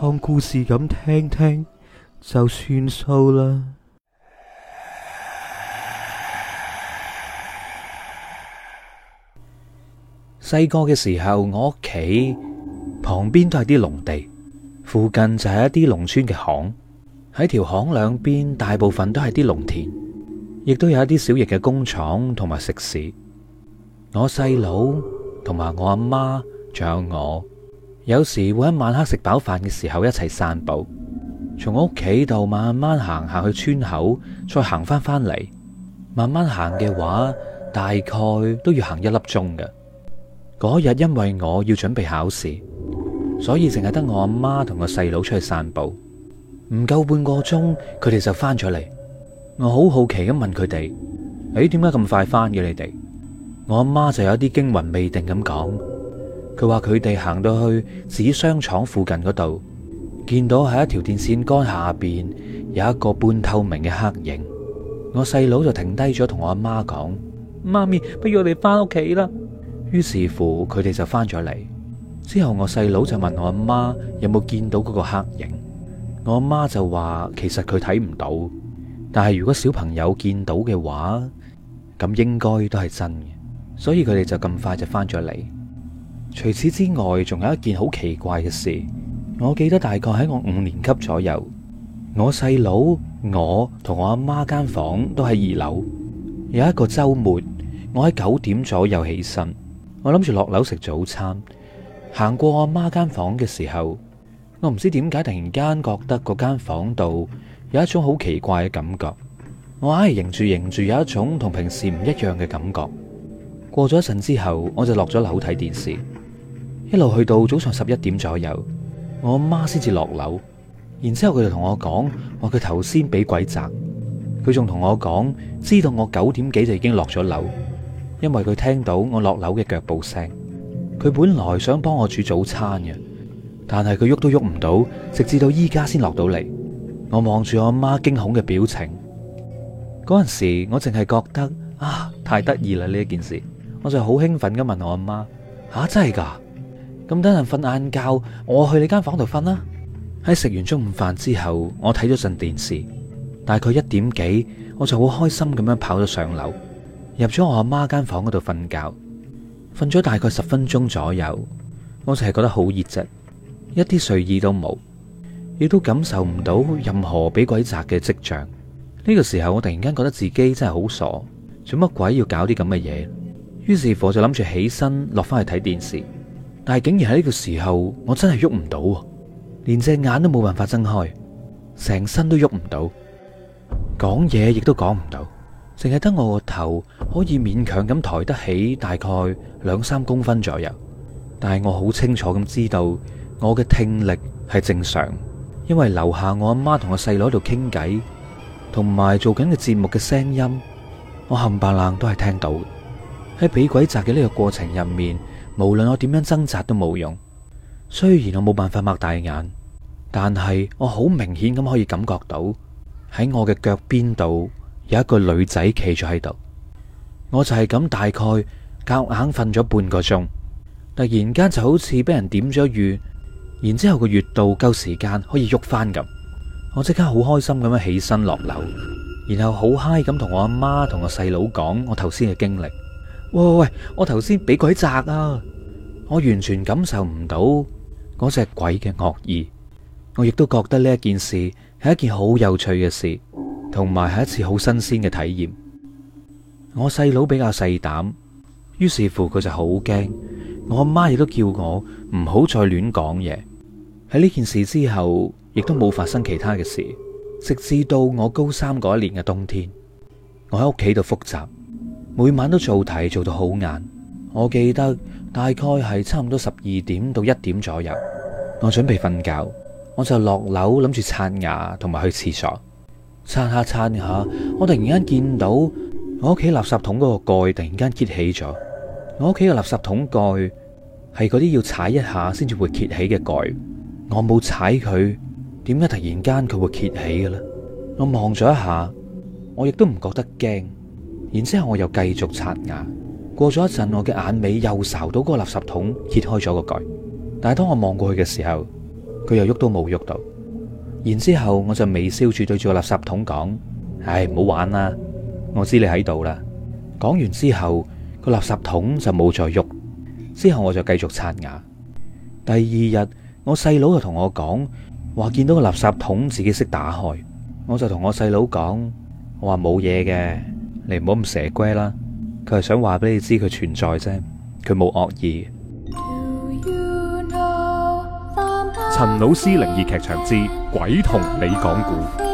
當故事咁聽聽就算數啦。細個嘅時候，我屋企旁邊都係啲農地，附近就係一啲農村嘅巷。喺條巷兩邊，大部分都係啲農田，亦都有一啲小型嘅工廠同埋食肆。我細佬同埋我阿媽，仲有我。有時會喺晚黑食飽飯嘅時候一齊散步，從屋企度慢慢行下去村口，再行翻返嚟。慢慢行嘅話，大概都要行一粒鐘嘅。嗰日因為我要準備考試，所以淨係得我阿媽同個細佬出去散步，唔夠半個鐘，佢哋就翻咗嚟。我好好奇咁問佢哋：誒，點解咁快翻嘅你哋？我阿媽就有啲驚魂未定咁講。佢話佢哋行到去紙箱廠附近嗰度，見到喺一條電線杆下邊有一個半透明嘅黑影。我細佬就停低咗同我阿媽講：媽咪，不如我哋翻屋企啦。於是乎，佢哋就翻咗嚟。之後，我細佬就問我阿媽有冇見到嗰個黑影。我阿媽就話，其實佢睇唔到，但係如果小朋友見到嘅話，咁應該都係真嘅。所以佢哋就咁快就翻咗嚟。除此之外，仲有一件好奇怪嘅事。我記得大概喺我五年級左右，我細佬、我同我阿媽間房都喺二樓。有一個周末，我喺九點左右起身，我諗住落樓食早餐。行過阿媽間房嘅時候，我唔知點解突然間覺得嗰間房度有一種好奇怪嘅感覺。我硬係迎住迎住，有一種同平時唔一樣嘅感覺。過咗一陣之後，我就落咗樓睇電視。一路去到早上十一點左右，我阿媽先至落樓，然之後佢就同我講，話佢頭先俾鬼砸。佢仲同我講知道我九點幾就已經落咗樓，因為佢聽到我落樓嘅腳步聲。佢本來想幫我煮早餐嘅，但係佢喐都喐唔到，直至到依家先落到嚟。我望住我阿媽驚恐嘅表情，嗰陣時我淨係覺得啊太得意啦呢一件事，我就好興奮咁問我阿媽吓、啊、真係噶？咁等人瞓晏覺，我去你間房度瞓啦。喺食完中午飯之後，我睇咗陣電視，大概一點幾，我就好開心咁樣跑咗上樓，入咗我阿媽間房嗰度瞓覺。瞓咗大概十分鐘左右，我就係覺得好熱啫，一啲睡意都冇，亦都感受唔到任何俾鬼砸嘅跡象。呢個時候，我突然間覺得自己真係好傻，做乜鬼要搞啲咁嘅嘢？於是我就諗住起身落翻去睇電視。但係，竟然喺呢個時候，我真係喐唔到，連隻眼都冇辦法睜開，成身都喐唔到，講嘢亦都講唔到，淨係得我個頭可以勉強咁抬得起大概兩三公分左右。但係我好清楚咁知道，我嘅聽力係正常，因為樓下我阿媽同我細佬喺度傾偈，同埋做緊嘅節目嘅聲音，我冚唪唥都係聽到。喺俾鬼砸嘅呢個過程入面。無論我點樣掙扎都冇用，雖然我冇辦法擘大眼，但係我好明顯咁可以感覺到喺我嘅腳邊度有一個女仔企咗喺度。我就係咁大概夾硬瞓咗半個鐘，突然間就好似俾人點咗穴，然之後個穴度夠時間可以喐翻咁，我即刻好開心咁樣起身落樓，然後好嗨咁同我阿媽同我細佬講我頭先嘅經歷。喂喂喂！我頭先俾鬼砸啊！我完全感受唔到嗰隻鬼嘅惡意，我亦都覺得呢一件事係一件好有趣嘅事，同埋係一次好新鮮嘅體驗。我細佬比較細膽，於是乎佢就好驚。我阿媽亦都叫我唔好再亂講嘢。喺呢件事之後，亦都冇發生其他嘅事，直至到我高三嗰一年嘅冬天，我喺屋企度復習。每晚都做題做到好晏，我記得大概係差唔多十二點到一點左右，我準備瞓覺，我就落樓諗住刷牙同埋去厠所，刷下刷下，我突然間見到我屋企垃圾桶嗰個蓋突然間揭起咗，我屋企嘅垃圾桶蓋係嗰啲要踩一下先至會揭起嘅蓋，我冇踩佢，點解突然間佢會揭起嘅咧？我望咗一下，我亦都唔覺得驚。然之後我又繼續刷牙，過咗一陣，我嘅眼尾又睄到個垃圾桶揭開咗個蓋，但係當我望過去嘅時候，佢又喐都冇喐到。然之後我就微笑住對住個垃圾桶講：唉、哎，唔好玩啦，我知你喺度啦。講完之後，個垃圾桶就冇再喐。之後我就繼續刷牙。第二日，我細佬就同我講：話見到個垃圾桶自己識打開。我就同我細佬講：我話冇嘢嘅。你唔好咁蛇龜啦，佢係想話俾你知佢存在啫，佢冇惡意。陳老師靈異劇場之鬼同你講故，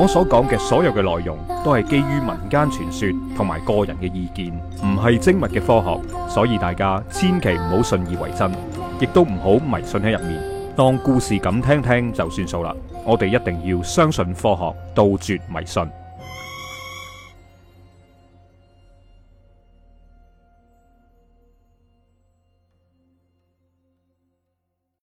我所講嘅所有嘅內容都係基於民間傳說同埋個人嘅意見，唔係精密嘅科學，所以大家千祈唔好信以為真，亦都唔好迷信喺入面，當故事咁聽聽就算數啦。我哋一定要相信科學，杜絕迷信。